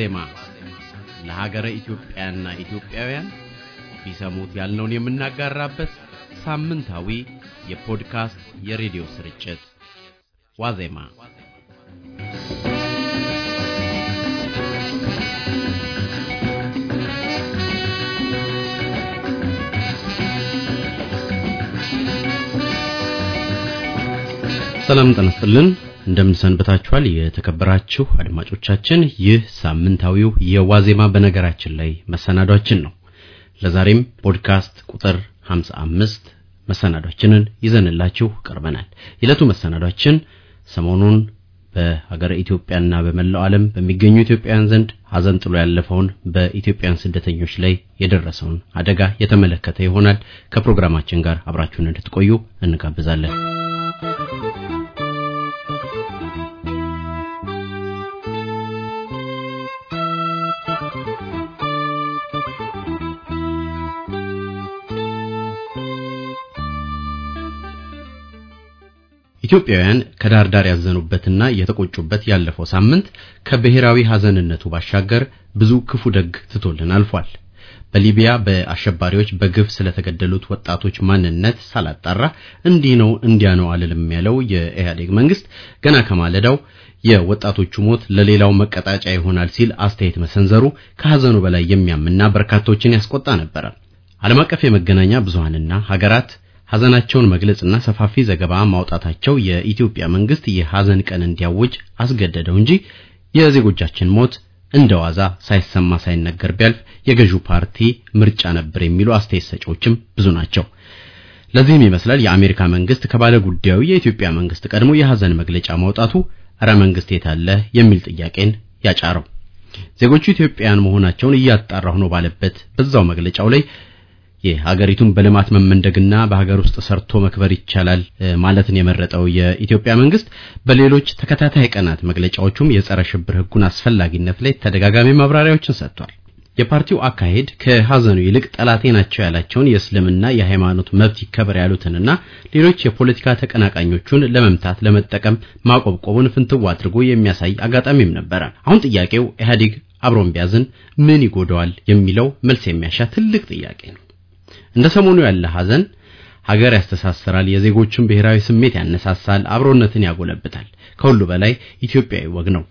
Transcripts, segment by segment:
ዋዜማ ለሀገረ ኢትዮጵያና ኢትዮጵያውያን ቢሰሙት ያልነውን የምናጋራበት ሳምንታዊ የፖድካስት የሬዲዮ ስርጭት ዋዜማ ሰላም ጠነስልን እንደምንሰንበታችኋል የተከበራችሁ አድማጮቻችን፣ ይህ ሳምንታዊው የዋዜማ በነገራችን ላይ መሰናዷችን ነው። ለዛሬም ፖድካስት ቁጥር 55 መሰናዷችንን ይዘንላችሁ ቀርበናል። የዕለቱ መሰናዷችን ሰሞኑን በሀገረ ኢትዮጵያና በመላው ዓለም በሚገኙ ኢትዮጵያውያን ዘንድ ሀዘን ጥሎ ያለፈውን በኢትዮጵያን ስደተኞች ላይ የደረሰውን አደጋ የተመለከተ ይሆናል። ከፕሮግራማችን ጋር አብራችሁን እንድትቆዩ እንጋብዛለን። ኢትዮጵያውያን ከዳር ዳር ያዘኑበትና የተቆጩበት ያለፈው ሳምንት ከብሔራዊ ሐዘንነቱ ባሻገር ብዙ ክፉ ደግ ትቶልን አልፏል። በሊቢያ በአሸባሪዎች በግፍ ስለተገደሉት ወጣቶች ማንነት ሳላጣራ እንዲህ ነው እንዲያ ነው አልልም ያለው የኢህአዴግ መንግስት ገና ከማለዳው የወጣቶቹ ሞት ለሌላው መቀጣጫ ይሆናል ሲል አስተያየት መሰንዘሩ ከሐዘኑ በላይ የሚያምና በርካቶችን ያስቆጣ ነበረ። ዓለም አቀፍ የመገናኛ ብዙሃንና ሀገራት ሐዘናቸውን መግለጽና ሰፋፊ ዘገባ ማውጣታቸው የኢትዮጵያ መንግስት የሐዘን ቀን እንዲያውጅ አስገደደው እንጂ የዜጎቻችን ሞት እንደ ዋዛ ሳይሰማ ሳይነገር ቢያልፍ የገዢው ፓርቲ ምርጫ ነበር የሚሉ አስተያየት ሰጪዎችም ብዙ ናቸው። ለዚህም ይመስላል የአሜሪካ መንግስት ከባለ ጉዳዩ የኢትዮጵያ መንግስት ቀድሞ የሐዘን መግለጫ ማውጣቱ እረ መንግስት የታለ የሚል ጥያቄን ያጫረው። ዜጎቹ ኢትዮጵያውያን መሆናቸውን እያጣራሁ ነው ባለበት በዛው መግለጫው ላይ የሀገሪቱን በልማት መመንደግና በሀገር ውስጥ ሰርቶ መክበር ይቻላል ማለትን የመረጠው የኢትዮጵያ መንግስት በሌሎች ተከታታይ ቀናት መግለጫዎቹም የጸረ ሽብር ህጉን አስፈላጊነት ላይ ተደጋጋሚ ማብራሪያዎችን ሰጥቷል። የፓርቲው አካሄድ ከሀዘኑ ይልቅ ጠላቴ ናቸው ያላቸውን የእስልምና የሃይማኖት መብት ይከበር ያሉትንና ሌሎች የፖለቲካ ተቀናቃኞቹን ለመምታት ለመጠቀም ማቆብቆቡን ፍንትው አድርጎ የሚያሳይ አጋጣሚም ነበረ። አሁን ጥያቄው ኢህአዴግ አብሮን ቢያዝን ምን ይጎደዋል የሚለው መልስ የሚያሻ ትልቅ ጥያቄ ነው። እንደ ሰሞኑ ያለ ሐዘን ሀገር ያስተሳስራል፣ የዜጎችን ብሔራዊ ስሜት ያነሳሳል፣ አብሮነትን ያጎለብታል። ከሁሉ በላይ ኢትዮጵያዊ ወግ ነው።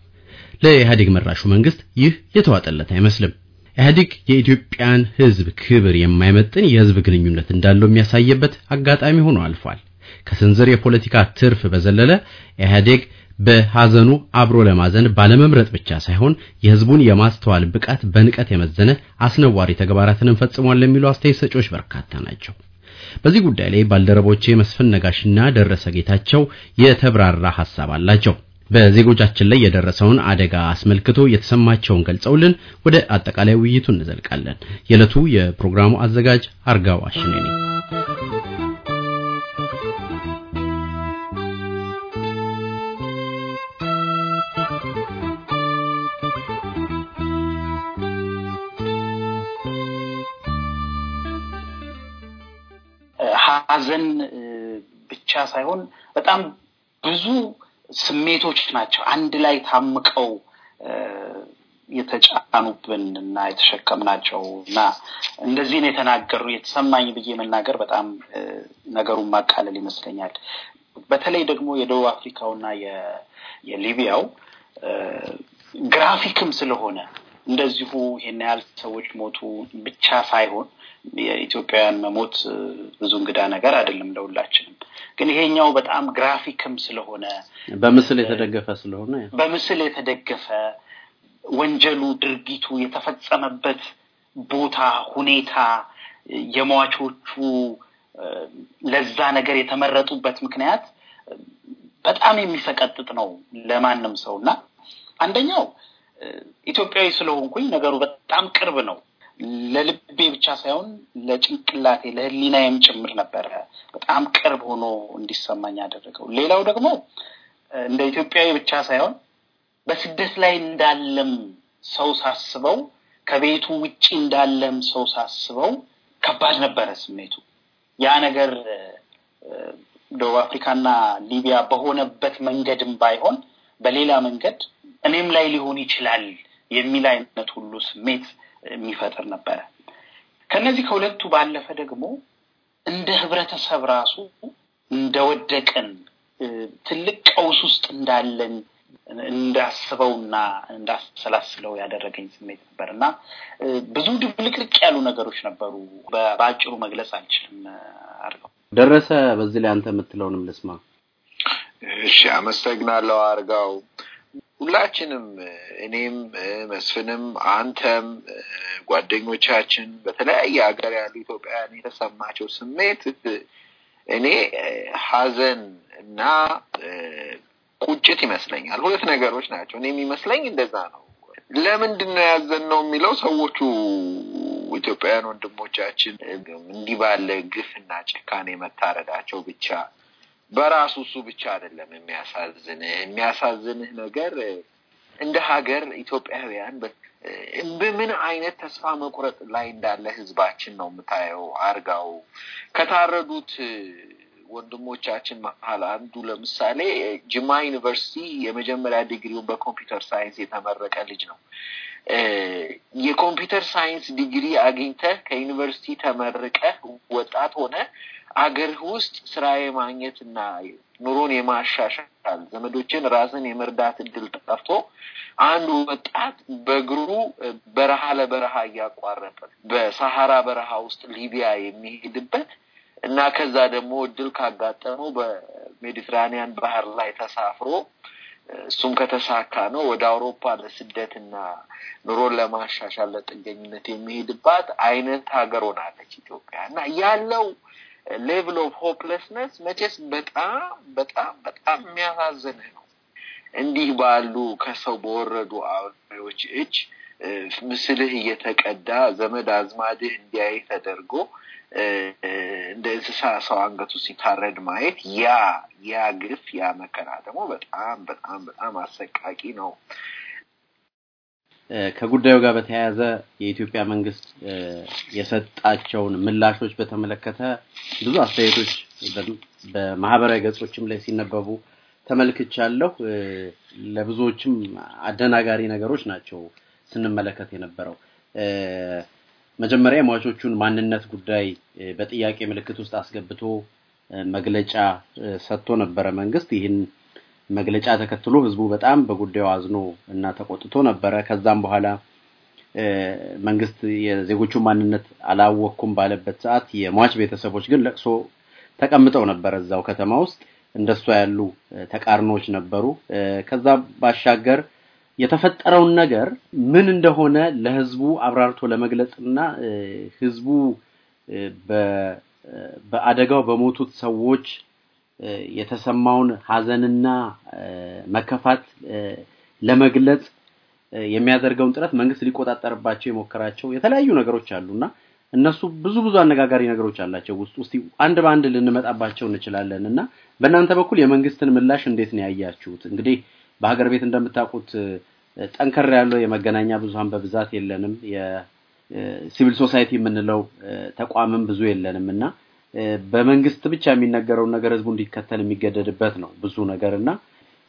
ለኢህአዴግ መራሹ መንግስት ይህ የተዋጠለት አይመስልም። ኢህአዴግ የኢትዮጵያን ህዝብ ክብር የማይመጥን የህዝብ ግንኙነት እንዳለው የሚያሳየበት አጋጣሚ ሆኖ አልፏል። ከስንዝር የፖለቲካ ትርፍ በዘለለ ኢህአዴግ በሐዘኑ አብሮ ለማዘን ባለመምረጥ ብቻ ሳይሆን የሕዝቡን የማስተዋል ብቃት በንቀት የመዘነ አስነዋሪ ተግባራትንም ፈጽሟል የሚሉ አስተያየት ሰጪዎች በርካታ ናቸው። በዚህ ጉዳይ ላይ ባልደረቦቼ መስፍን ነጋሽና ደረሰ ጌታቸው የተብራራ ሐሳብ አላቸው። በዜጎቻችን ላይ የደረሰውን አደጋ አስመልክቶ የተሰማቸውን ገልጸውልን ወደ አጠቃላይ ውይይቱ እንዘልቃለን። የዕለቱ የፕሮግራሙ አዘጋጅ አርጋው አሽኔ ነኝ። መጠን ብቻ ሳይሆን በጣም ብዙ ስሜቶች ናቸው አንድ ላይ ታምቀው የተጫኑብን እና የተሸከምናቸው እና እንደዚህ ነው የተናገሩ የተሰማኝ ብዬ መናገር በጣም ነገሩን ማቃለል ይመስለኛል። በተለይ ደግሞ የደቡብ አፍሪካውና የሊቢያው ግራፊክም ስለሆነ እንደዚሁ ይሄን ያህል ሰዎች ሞቱ ብቻ ሳይሆን የኢትዮጵያውያን መሞት ብዙ እንግዳ ነገር አይደለም ለሁላችንም። ግን ይሄኛው በጣም ግራፊክም ስለሆነ በምስል የተደገፈ ስለሆነ በምስል የተደገፈ ወንጀሉ፣ ድርጊቱ የተፈጸመበት ቦታ፣ ሁኔታ፣ የሟቾቹ ለዛ ነገር የተመረጡበት ምክንያት በጣም የሚሰቀጥጥ ነው ለማንም ሰው እና አንደኛው ኢትዮጵያዊ ስለሆንኩኝ ነገሩ በጣም ቅርብ ነው ለልቤ ብቻ ሳይሆን ለጭንቅላቴ ለህሊናዬም ጭምር ነበረ በጣም ቅርብ ሆኖ እንዲሰማኝ ያደረገው። ሌላው ደግሞ እንደ ኢትዮጵያዊ ብቻ ሳይሆን በስደት ላይ እንዳለም ሰው ሳስበው፣ ከቤቱ ውጭ እንዳለም ሰው ሳስበው ከባድ ነበረ ስሜቱ። ያ ነገር ደቡብ አፍሪካና ሊቢያ በሆነበት መንገድም ባይሆን በሌላ መንገድ እኔም ላይ ሊሆን ይችላል የሚል አይነት ሁሉ ስሜት የሚፈጥር ነበረ። ከነዚህ ከሁለቱ ባለፈ ደግሞ እንደ ህብረተሰብ ራሱ እንደወደቅን ትልቅ ቀውስ ውስጥ እንዳለን እንዳስበውና እንዳሰላስለው ያደረገኝ ስሜት ነበር እና ብዙ ድብልቅልቅ ያሉ ነገሮች ነበሩ። በአጭሩ መግለጽ አልችልም። አርገው ደረሰ፣ በዚህ ላይ አንተ የምትለውንም ልስማ። እሺ፣ አመሰግናለሁ አርጋው። ሁላችንም እኔም መስፍንም አንተም ጓደኞቻችን በተለያየ ሀገር ያሉ ኢትዮጵያውያን የተሰማቸው ስሜት እኔ ሀዘን እና ቁጭት ይመስለኛል። ሁለት ነገሮች ናቸው። እኔ የሚመስለኝ እንደዛ ነው። ለምንድን ነው ያዘን ነው የሚለው ሰዎቹ ኢትዮጵያውያን ወንድሞቻችን እንዲህ ባለ ግፍና ጭካኔ መታረዳቸው ብቻ በራሱ እሱ ብቻ አይደለም የሚያሳዝንህ። የሚያሳዝንህ ነገር እንደ ሀገር ኢትዮጵያውያን በምን አይነት ተስፋ መቁረጥ ላይ እንዳለ ህዝባችን ነው የምታየው። አርጋው ከታረዱት ወንድሞቻችን መሀል አንዱ ለምሳሌ ጅማ ዩኒቨርሲቲ የመጀመሪያ ዲግሪውን በኮምፒውተር ሳይንስ የተመረቀ ልጅ ነው። የኮምፒውተር ሳይንስ ዲግሪ አግኝተ ከዩኒቨርሲቲ ተመርቀ ወጣት ሆነ አገር ውስጥ ስራ የማግኘትና ኑሮን የማሻሻል ዘመዶችን ራስን የመርዳት እድል ጠፍቶ አንዱ ወጣት በእግሩ በረሃ ለበረሃ እያቋረጠ በሰሐራ በረሃ ውስጥ ሊቢያ የሚሄድበት እና ከዛ ደግሞ እድል ካጋጠመው በሜዲትራኒያን ባህር ላይ ተሳፍሮ እሱም ከተሳካ ነው ወደ አውሮፓ ለስደትና ኑሮን ለማሻሻል ለጥገኝነት የሚሄድባት አይነት ሀገር ሆናለች ኢትዮጵያ እና ያለው ሌቭል ኦፍ ሆፕለስነስ መቼስ በጣም በጣም በጣም የሚያሳዝን ነው። እንዲህ ባሉ ከሰው በወረዱ አዎች እጅ ምስልህ እየተቀዳ ዘመድ አዝማድህ እንዲያይ ተደርጎ እንደ እንስሳ ሰው አንገቱ ሲታረድ ማየት ያ ያ ግፍ ያ መከራ ደግሞ በጣም በጣም በጣም አሰቃቂ ነው። ከጉዳዩ ጋር በተያያዘ የኢትዮጵያ መንግስት የሰጣቸውን ምላሾች በተመለከተ ብዙ አስተያየቶች በማህበራዊ ገጾችም ላይ ሲነበቡ ተመልክቻለሁ። ለብዙዎችም አደናጋሪ ነገሮች ናቸው ስንመለከት የነበረው። መጀመሪያ የሟቾቹን ማንነት ጉዳይ በጥያቄ ምልክት ውስጥ አስገብቶ መግለጫ ሰጥቶ ነበረ መንግስት። ይህን መግለጫ ተከትሎ ህዝቡ በጣም በጉዳዩ አዝኖ እና ተቆጥቶ ነበረ። ከዛም በኋላ መንግስት የዜጎቹን ማንነት አላወቅኩም ባለበት ሰዓት የሟች ቤተሰቦች ግን ለቅሶ ተቀምጠው ነበር እዛው ከተማ ውስጥ። እንደሷ ያሉ ተቃርኖዎች ነበሩ። ከዛ ባሻገር የተፈጠረውን ነገር ምን እንደሆነ ለህዝቡ አብራርቶ ለመግለጽ እና ህዝቡ በአደጋው በሞቱት ሰዎች የተሰማውን ሀዘንና መከፋት ለመግለጽ የሚያደርገውን ጥረት መንግስት ሊቆጣጠርባቸው የሞከራቸው የተለያዩ ነገሮች አሉና እነሱ ብዙ ብዙ አነጋጋሪ ነገሮች አላቸው። ውስጥ ውስጥ አንድ በአንድ ልንመጣባቸው እንችላለን እና በእናንተ በኩል የመንግስትን ምላሽ እንዴት ነው ያያችሁት? እንግዲህ በሀገር ቤት እንደምታውቁት ጠንከር ያለው የመገናኛ ብዙሀን በብዛት የለንም። የሲቪል ሶሳይቲ የምንለው ተቋምም ብዙ የለንም እና በመንግስት ብቻ የሚነገረውን ነገር ህዝቡ እንዲከተል የሚገደድበት ነው ብዙ ነገር እና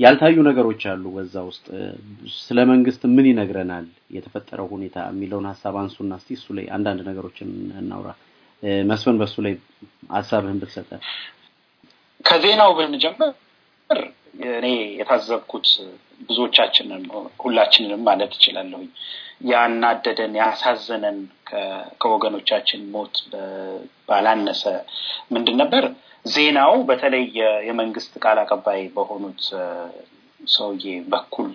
ያልታዩ ነገሮች አሉ በዛ ውስጥ። ስለ መንግስት ምን ይነግረናል የተፈጠረው ሁኔታ የሚለውን ሀሳብ አንሱና እስቲ እሱ ላይ አንዳንድ ነገሮችን እናውራ። መስፍን፣ በእሱ ላይ ሀሳብህን ብትሰጠ ከዜናው ብንጀምር ነገር እኔ የታዘብኩት ብዙዎቻችንን ሁላችንንም ማለት ይችላለሁ ያናደደን ያሳዘነን ከወገኖቻችን ሞት ባላነሰ ምንድን ነበር ዜናው በተለይ የመንግስት ቃል አቀባይ በሆኑት ሰውዬ በኩል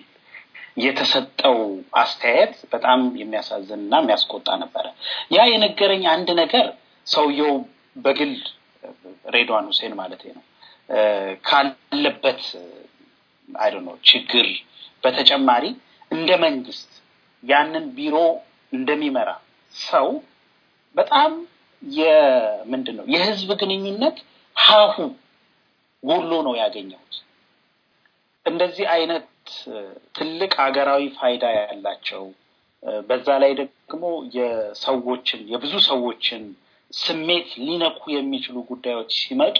የተሰጠው አስተያየት በጣም የሚያሳዝን እና የሚያስቆጣ ነበረ። ያ የነገረኝ አንድ ነገር ሰውየው በግል ሬድዋን ሁሴን ማለት ነው ካለበት አይዶ ነው ችግር በተጨማሪ እንደ መንግስት ያንን ቢሮ እንደሚመራ ሰው በጣም የምንድን ነው የህዝብ ግንኙነት ሀሁ ጎሎ ነው ያገኘሁት። እንደዚህ አይነት ትልቅ ሀገራዊ ፋይዳ ያላቸው በዛ ላይ ደግሞ የሰዎችን የብዙ ሰዎችን ስሜት ሊነኩ የሚችሉ ጉዳዮች ሲመጡ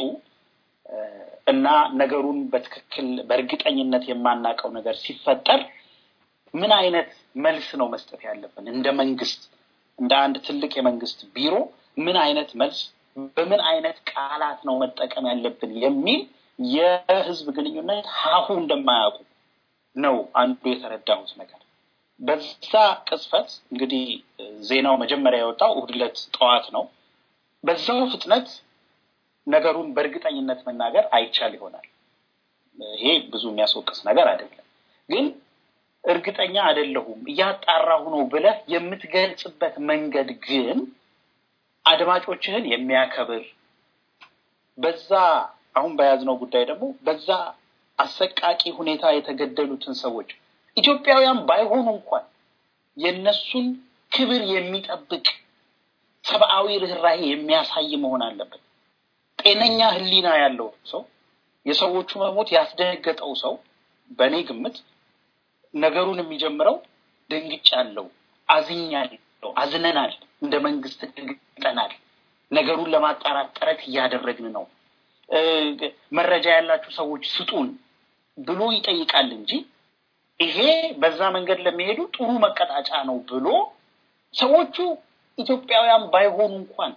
እና ነገሩን በትክክል በእርግጠኝነት የማናውቀው ነገር ሲፈጠር ምን አይነት መልስ ነው መስጠት ያለብን? እንደ መንግስት፣ እንደ አንድ ትልቅ የመንግስት ቢሮ ምን አይነት መልስ በምን አይነት ቃላት ነው መጠቀም ያለብን የሚል የህዝብ ግንኙነት ሀሁ እንደማያውቁ ነው አንዱ የተረዳሁት ነገር። በዛ ቅጽበት እንግዲህ ዜናው መጀመሪያ የወጣው እሑድ ዕለት ጠዋት ነው። በዛው ፍጥነት ነገሩን በእርግጠኝነት መናገር አይቻል ይሆናል። ይሄ ብዙ የሚያስወቅስ ነገር አይደለም። ግን እርግጠኛ አይደለሁም እያጣራሁ ነው ብለ የምትገልጽበት መንገድ ግን አድማጮችህን የሚያከብር በዛ አሁን በያዝነው ጉዳይ ደግሞ በዛ አሰቃቂ ሁኔታ የተገደሉትን ሰዎች ኢትዮጵያውያን ባይሆኑ እንኳን የእነሱን ክብር የሚጠብቅ ሰብአዊ ርኅራሄ የሚያሳይ መሆን አለበት። ጤነኛ ህሊና ያለው ሰው የሰዎቹ መሞት ያስደነገጠው ሰው በእኔ ግምት ነገሩን የሚጀምረው ደንግጫለሁ፣ አዝኛለሁ፣ አዝነናል፣ እንደ መንግስት ድንግጠናል ነገሩን ለማጣራት ጥረት እያደረግን ነው፣ መረጃ ያላችሁ ሰዎች ስጡን ብሎ ይጠይቃል እንጂ ይሄ በዛ መንገድ ለሚሄዱ ጥሩ መቀጣጫ ነው ብሎ ሰዎቹ ኢትዮጵያውያን ባይሆኑ እንኳን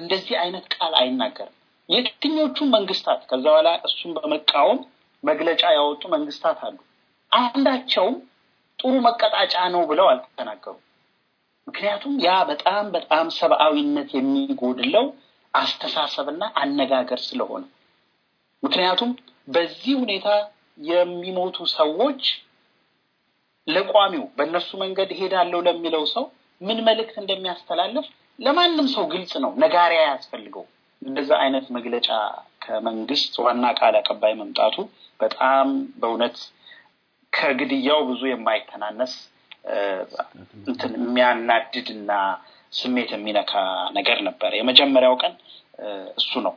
እንደዚህ አይነት ቃል አይናገርም። የትኞቹም መንግስታት ከዛ በኋላ እሱን በመቃወም መግለጫ ያወጡ መንግስታት አሉ። አንዳቸውም ጥሩ መቀጣጫ ነው ብለው አልተናገሩ። ምክንያቱም ያ በጣም በጣም ሰብአዊነት የሚጎድለው አስተሳሰብና አነጋገር ስለሆነ ምክንያቱም በዚህ ሁኔታ የሚሞቱ ሰዎች ለቋሚው በእነሱ መንገድ እሄዳለሁ ለሚለው ሰው ምን መልእክት እንደሚያስተላልፍ ለማንም ሰው ግልጽ ነው። ነጋሪያ ያስፈልገው እንደዛ አይነት መግለጫ ከመንግስት ዋና ቃል አቀባይ መምጣቱ በጣም በእውነት ከግድያው ብዙ የማይተናነስ እንትን የሚያናድድ እና ስሜት የሚነካ ነገር ነበር። የመጀመሪያው ቀን እሱ ነው።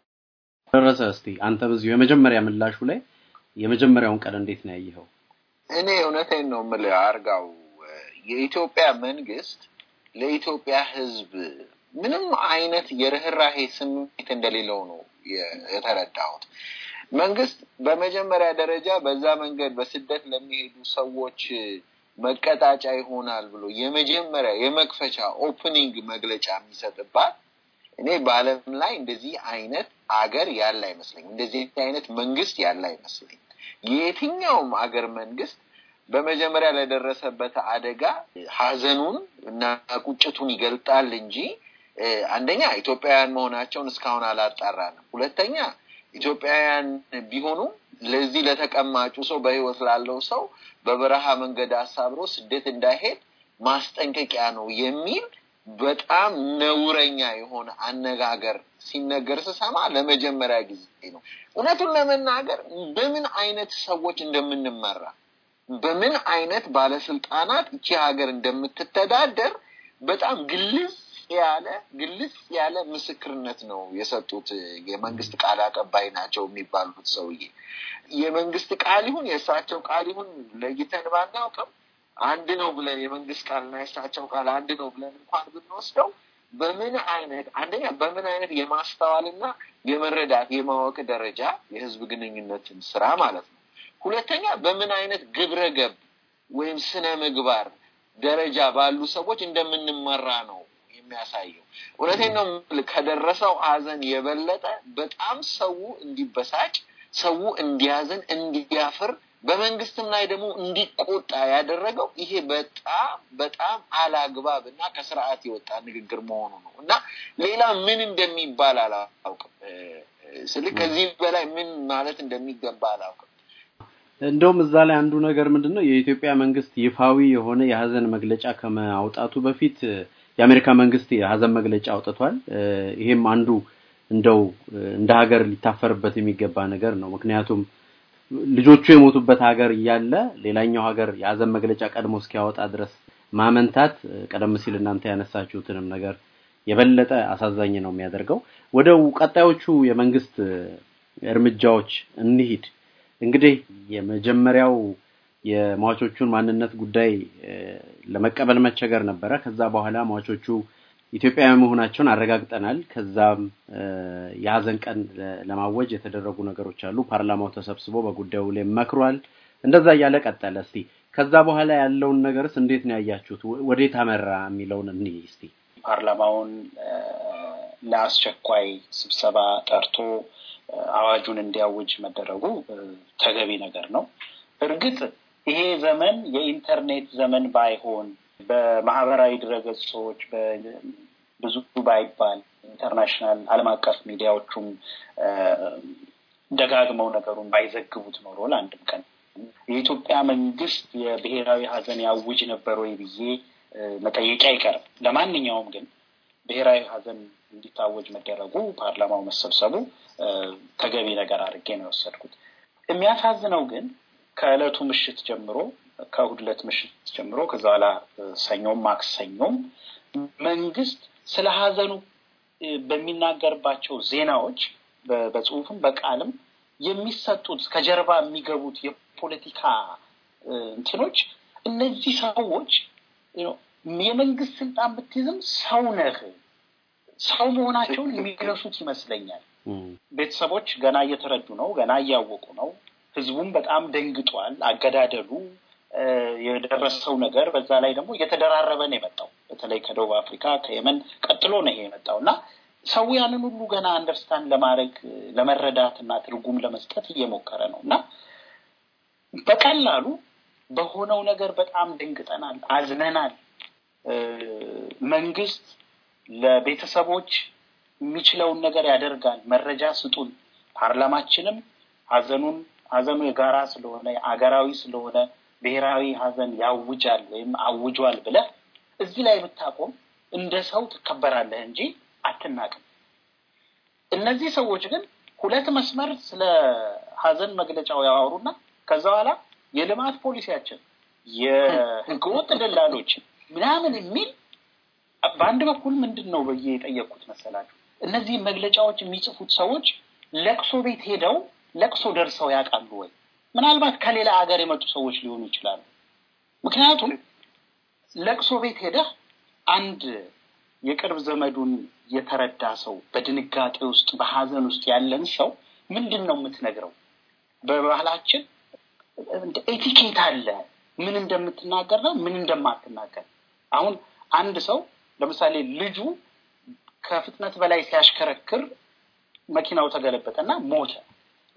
ደረሰ እስቲ አንተ በዚሁ የመጀመሪያ ምላሹ ላይ የመጀመሪያውን ቀን እንዴት ነው ያየኸው? እኔ እውነቴን ነው ምል አርጋው፣ የኢትዮጵያ መንግስት ለኢትዮጵያ ሕዝብ ምንም አይነት የርኅራሄ ስሜት እንደሌለው ነው የተረዳሁት። መንግስት በመጀመሪያ ደረጃ በዛ መንገድ በስደት ለሚሄዱ ሰዎች መቀጣጫ ይሆናል ብሎ የመጀመሪያ የመክፈቻ ኦፕኒንግ መግለጫ የሚሰጥባት እኔ በዓለም ላይ እንደዚህ አይነት አገር ያለ አይመስለኝ፣ እንደዚህ አይነት መንግስት ያለ አይመስለኝ። የየትኛውም አገር መንግስት በመጀመሪያ ለደረሰበት አደጋ ሀዘኑን እና ቁጭቱን ይገልጣል እንጂ አንደኛ ኢትዮጵያውያን መሆናቸውን እስካሁን አላጣራንም። ሁለተኛ ኢትዮጵያውያን ቢሆኑም ለዚህ ለተቀማጩ ሰው በህይወት ላለው ሰው በበረሃ መንገድ አሳብሮ ስደት እንዳይሄድ ማስጠንቀቂያ ነው የሚል በጣም ነውረኛ የሆነ አነጋገር ሲነገር ስሰማ ለመጀመሪያ ጊዜ ነው። እውነቱን ለመናገር በምን አይነት ሰዎች እንደምንመራ በምን አይነት ባለስልጣናት እቺ ሀገር እንደምትተዳደር በጣም ግልጽ ያለ ግልጽ ያለ ምስክርነት ነው የሰጡት። የመንግስት ቃል አቀባይ ናቸው የሚባሉት ሰውዬ የመንግስት ቃል ይሁን የእሳቸው ቃል ይሁን ለይተን ባናውቅም አንድ ነው ብለን የመንግስት ቃልና የእሳቸው ቃል አንድ ነው ብለን እንኳን ብንወስደው በምን አይነት አንደኛ በምን አይነት የማስተዋልና የመረዳት የማወቅ ደረጃ የህዝብ ግንኙነትን ስራ ማለት ነው ሁለተኛ በምን አይነት ግብረ ገብ ወይም ስነ ምግባር ደረጃ ባሉ ሰዎች እንደምንመራ ነው የሚያሳየው። እውነቴን ነው ከደረሰው ሀዘን የበለጠ በጣም ሰው እንዲበሳጭ፣ ሰው እንዲያዝን፣ እንዲያፍር በመንግስትም ላይ ደግሞ እንዲቆጣ ያደረገው ይሄ በጣም በጣም አላግባብ እና ከስርዓት የወጣ ንግግር መሆኑ ነው እና ሌላ ምን እንደሚባል አላውቅም ስል ከዚህ በላይ ምን ማለት እንደሚገባ አላውቅም። እንደውም እዛ ላይ አንዱ ነገር ምንድን ነው የኢትዮጵያ መንግስት ይፋዊ የሆነ የሀዘን መግለጫ ከማውጣቱ በፊት የአሜሪካ መንግስት የሀዘን መግለጫ አውጥቷል። ይሄም አንዱ እንደው እንደ ሀገር ሊታፈርበት የሚገባ ነገር ነው። ምክንያቱም ልጆቹ የሞቱበት ሀገር እያለ ሌላኛው ሀገር የሀዘን መግለጫ ቀድሞ እስኪያወጣ ድረስ ማመንታት ቀደም ሲል እናንተ ያነሳችሁትንም ነገር የበለጠ አሳዛኝ ነው የሚያደርገው። ወደ ቀጣዮቹ የመንግስት እርምጃዎች እንሂድ። እንግዲህ የመጀመሪያው የሟቾቹን ማንነት ጉዳይ ለመቀበል መቸገር ነበረ። ከዛ በኋላ ሟቾቹ ኢትዮጵያዊ መሆናቸውን አረጋግጠናል። ከዛም የሀዘን ቀን ለማወጅ የተደረጉ ነገሮች አሉ። ፓርላማው ተሰብስቦ በጉዳዩ ላይ መክሯል። እንደዛ እያለ ቀጠለ። እስቲ ከዛ በኋላ ያለውን ነገርስ እንዴት ነው ያያችሁት? ወዴት አመራ የሚለውን እንይ እስቲ። ፓርላማውን ለአስቸኳይ ስብሰባ ጠርቶ አዋጁን እንዲያውጅ መደረጉ ተገቢ ነገር ነው። እርግጥ ይሄ ዘመን የኢንተርኔት ዘመን ባይሆን በማህበራዊ ድረገጾች ብዙ ባይባል ኢንተርናሽናል ዓለም አቀፍ ሚዲያዎቹም ደጋግመው ነገሩን ባይዘግቡት ኖሮ ለአንድም ቀን የኢትዮጵያ መንግስት የብሔራዊ ሀዘን ያውጅ ነበር ወይ ብዬ መጠየቅ አይቀርም። ለማንኛውም ግን ብሔራዊ ሀዘን እንዲታወጅ መደረጉ ፓርላማው መሰብሰቡ ተገቢ ነገር አድርጌ ነው የወሰድኩት። የሚያሳዝነው ግን ከእለቱ ምሽት ጀምሮ ከሁድለት ምሽት ጀምሮ ከዛ በኋላ ሰኞም ማክሰኞም መንግስት ስለ ሀዘኑ በሚናገርባቸው ዜናዎች በጽሁፍም በቃልም የሚሰጡት ከጀርባ የሚገቡት የፖለቲካ እንትኖች እነዚህ ሰዎች የመንግስት ስልጣን ብትይዝም ሰው ነህ ሰው መሆናቸውን የሚረሱት ይመስለኛል። ቤተሰቦች ገና እየተረዱ ነው፣ ገና እያወቁ ነው። ህዝቡም በጣም ደንግጧል። አገዳደሉ የደረሰው ነገር በዛ ላይ ደግሞ እየተደራረበ ነው የመጣው። በተለይ ከደቡብ አፍሪካ ከየመን ቀጥሎ ነው ይሄ የመጣው እና ሰው ያንን ሁሉ ገና አንደርስታንድ ለማድረግ ለመረዳት እና ትርጉም ለመስጠት እየሞከረ ነው እና በቀላሉ በሆነው ነገር በጣም ደንግጠናል፣ አዝነናል። መንግስት ለቤተሰቦች የሚችለውን ነገር ያደርጋል። መረጃ ስጡን። ፓርላማችንም ሀዘኑን ሀዘኑ የጋራ ስለሆነ አገራዊ ስለሆነ ብሔራዊ ሀዘን ያውጃል ወይም አውጇል ብለ እዚህ ላይ ብታቆም እንደ ሰው ትከበራለህ እንጂ አትናቅም። እነዚህ ሰዎች ግን ሁለት መስመር ስለ ሀዘን መግለጫው ያወሩና ከዛ በኋላ የልማት ፖሊሲያችን የህገወጥ ደላሎች ምናምን የሚል በአንድ በኩል ምንድን ነው ብዬ የጠየቅኩት መሰላችሁ እነዚህ መግለጫዎች የሚጽፉት ሰዎች ለቅሶ ቤት ሄደው ለቅሶ ደርሰው ያውቃሉ ወይ? ምናልባት ከሌላ ሀገር የመጡ ሰዎች ሊሆኑ ይችላሉ። ምክንያቱም ለቅሶ ቤት ሄደህ አንድ የቅርብ ዘመዱን የተረዳ ሰው በድንጋጤ ውስጥ በሀዘን ውስጥ ያለን ሰው ምንድን ነው የምትነግረው? በባህላችን ኤቲኬት አለ። ምን እንደምትናገር ነው ምን እንደማትናገር። አሁን አንድ ሰው ለምሳሌ ልጁ ከፍጥነት በላይ ሲያሽከረክር መኪናው ተገለበጠ እና ሞተ።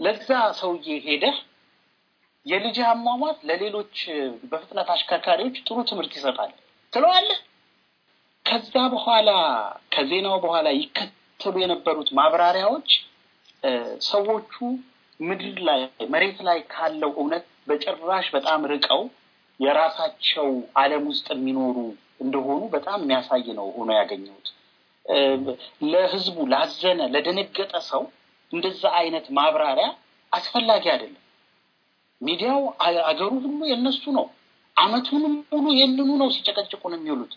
ለዛ ሰውዬ ሄደህ የልጅ አሟሟት ለሌሎች በፍጥነት አሽከርካሪዎች ጥሩ ትምህርት ይሰጣል ትለዋለ ከዛ በኋላ ከዜናው በኋላ ይከተሉ የነበሩት ማብራሪያዎች ሰዎቹ ምድር ላይ መሬት ላይ ካለው እውነት በጭራሽ በጣም ርቀው የራሳቸው አለም ውስጥ የሚኖሩ እንደሆኑ በጣም የሚያሳይ ነው ሆኖ ያገኘሁት። ለህዝቡ ላዘነ፣ ለደነገጠ ሰው እንደዛ አይነት ማብራሪያ አስፈላጊ አይደለም። ሚዲያው አገሩ ሁሉ የነሱ ነው። አመቱን ሙሉ ይህንኑ ነው ነው የሚውሉት።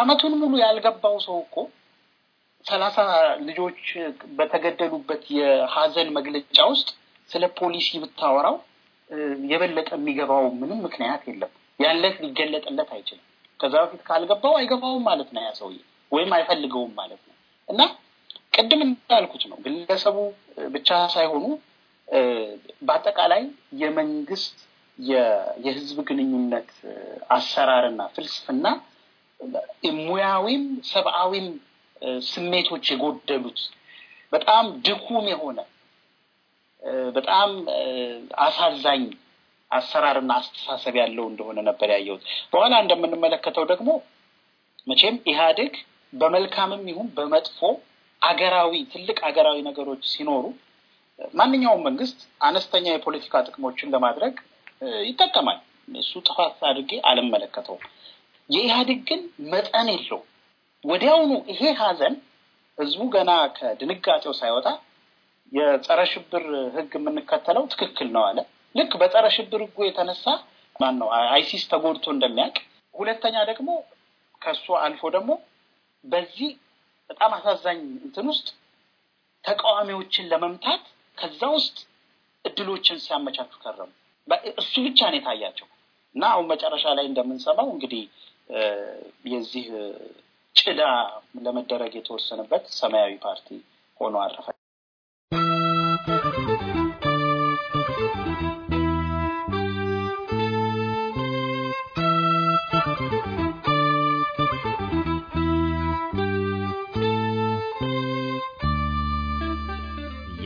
አመቱን ሙሉ ያልገባው ሰው እኮ ሰላሳ ልጆች በተገደሉበት የሀዘን መግለጫ ውስጥ ስለ ፖሊሲ ብታወራው የበለጠ የሚገባው ምንም ምክንያት የለም። ያለት ሊገለጥለት አይችልም። ከዛ በፊት ካልገባው አይገባውም ማለት ነው ያ ሰውዬ ወይም አይፈልገውም ማለት ነው። እና ቅድም እንዳልኩት ነው ግለሰቡ ብቻ ሳይሆኑ በአጠቃላይ የመንግስት የህዝብ ግንኙነት አሰራርና ፍልስፍና ሙያዊም ሰብአዊም ስሜቶች የጎደሉት በጣም ድኩም የሆነ በጣም አሳዛኝ አሰራርና አስተሳሰብ ያለው እንደሆነ ነበር ያየሁት። በኋላ እንደምንመለከተው ደግሞ መቼም ኢህአዴግ በመልካምም ይሁን በመጥፎ አገራዊ ትልቅ አገራዊ ነገሮች ሲኖሩ ማንኛውም መንግስት አነስተኛ የፖለቲካ ጥቅሞችን ለማድረግ ይጠቀማል። እሱ ጥፋት አድርጌ አልመለከተውም። የኢህአዴግ ግን መጠን የለው። ወዲያውኑ ይሄ ሀዘን ህዝቡ ገና ከድንጋጤው ሳይወጣ የጸረ ሽብር ህግ የምንከተለው ትክክል ነው አለ። ልክ በጸረ ሽብር ሕጉ የተነሳ ማን ነው አይሲስ ተጎድቶ እንደሚያውቅ፣ ሁለተኛ ደግሞ ከሱ አልፎ ደግሞ በዚህ በጣም አሳዛኝ እንትን ውስጥ ተቃዋሚዎችን ለመምታት ከዛ ውስጥ እድሎችን ሲያመቻቹ ከረሙ። እሱ ብቻ ነው የታያቸው እና አሁን መጨረሻ ላይ እንደምንሰማው እንግዲህ የዚህ ጭዳ ለመደረግ የተወሰነበት ሰማያዊ ፓርቲ ሆኖ አረፈ።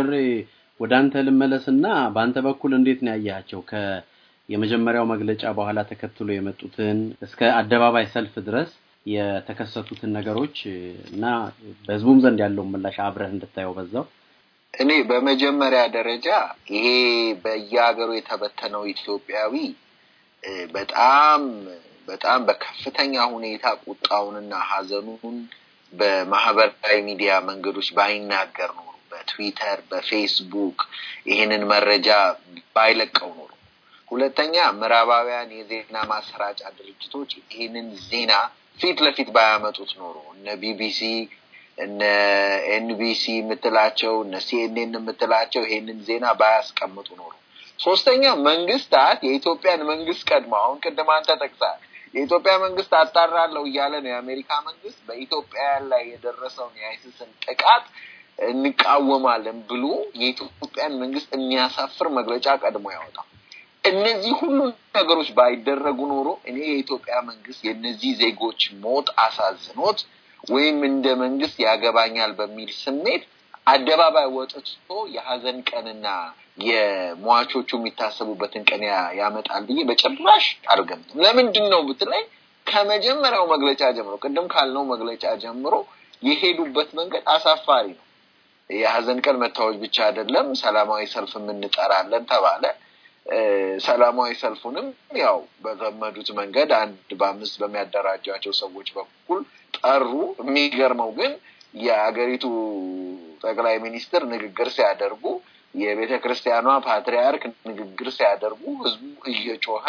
ደሬ ወደ አንተ ልመለስና በአንተ በኩል እንዴት ነው ያያቸው የመጀመሪያው መግለጫ በኋላ ተከትሎ የመጡትን እስከ አደባባይ ሰልፍ ድረስ የተከሰቱትን ነገሮች እና በህዝቡም ዘንድ ያለውን ምላሽ አብረህ እንድታየው በዛው። እኔ በመጀመሪያ ደረጃ ይሄ በየሀገሩ የተበተነው ኢትዮጵያዊ በጣም በጣም በከፍተኛ ሁኔታ ቁጣውንና ሀዘኑን በማህበራዊ ሚዲያ መንገዶች ባይናገር ነው በትዊተር በፌስቡክ ይህንን መረጃ ባይለቀው ኖሮ፣ ሁለተኛ ምዕራባውያን የዜና ማሰራጫ ድርጅቶች ይህንን ዜና ፊት ለፊት ባያመጡት ኖሮ እነ ቢቢሲ እነ ኤንቢሲ የምትላቸው እነ ሲኤንኤን የምትላቸው ይሄንን ዜና ባያስቀምጡ ኖሮ፣ ሶስተኛ መንግስታት የኢትዮጵያን መንግስት ቀድሞ አሁን ቅድም አንተ ጠቅሳል የኢትዮጵያ መንግስት አጣራለሁ እያለ ነው። የአሜሪካ መንግስት በኢትዮጵያ ላይ የደረሰውን የአይሲስን ጥቃት እንቃወማለን ብሎ የኢትዮጵያን መንግስት የሚያሳፍር መግለጫ ቀድሞ ያወጣ። እነዚህ ሁሉ ነገሮች ባይደረጉ ኖሮ እኔ የኢትዮጵያ መንግስት የእነዚህ ዜጎች ሞት አሳዝኖት ወይም እንደ መንግስት ያገባኛል በሚል ስሜት አደባባይ ወጥቶ የሀዘን ቀንና የሟቾቹ የሚታሰቡበትን ቀን ያመጣል ብዬ በጭራሽ አልገምትም። ለምንድን ነው ብትለኝ ከመጀመሪያው መግለጫ ጀምሮ ቅድም ካልነው መግለጫ ጀምሮ የሄዱበት መንገድ አሳፋሪ ነው። የሀዘን ቀን መታወጅ ብቻ አይደለም፣ ሰላማዊ ሰልፍ እንጠራለን ተባለ። ሰላማዊ ሰልፉንም ያው በተመዱት መንገድ አንድ በአምስት በሚያደራጃቸው ሰዎች በኩል ጠሩ። የሚገርመው ግን የአገሪቱ ጠቅላይ ሚኒስትር ንግግር ሲያደርጉ የቤተ ክርስቲያኗ ፓትሪያርክ ንግግር ሲያደርጉ ህዝቡ እየጮኸ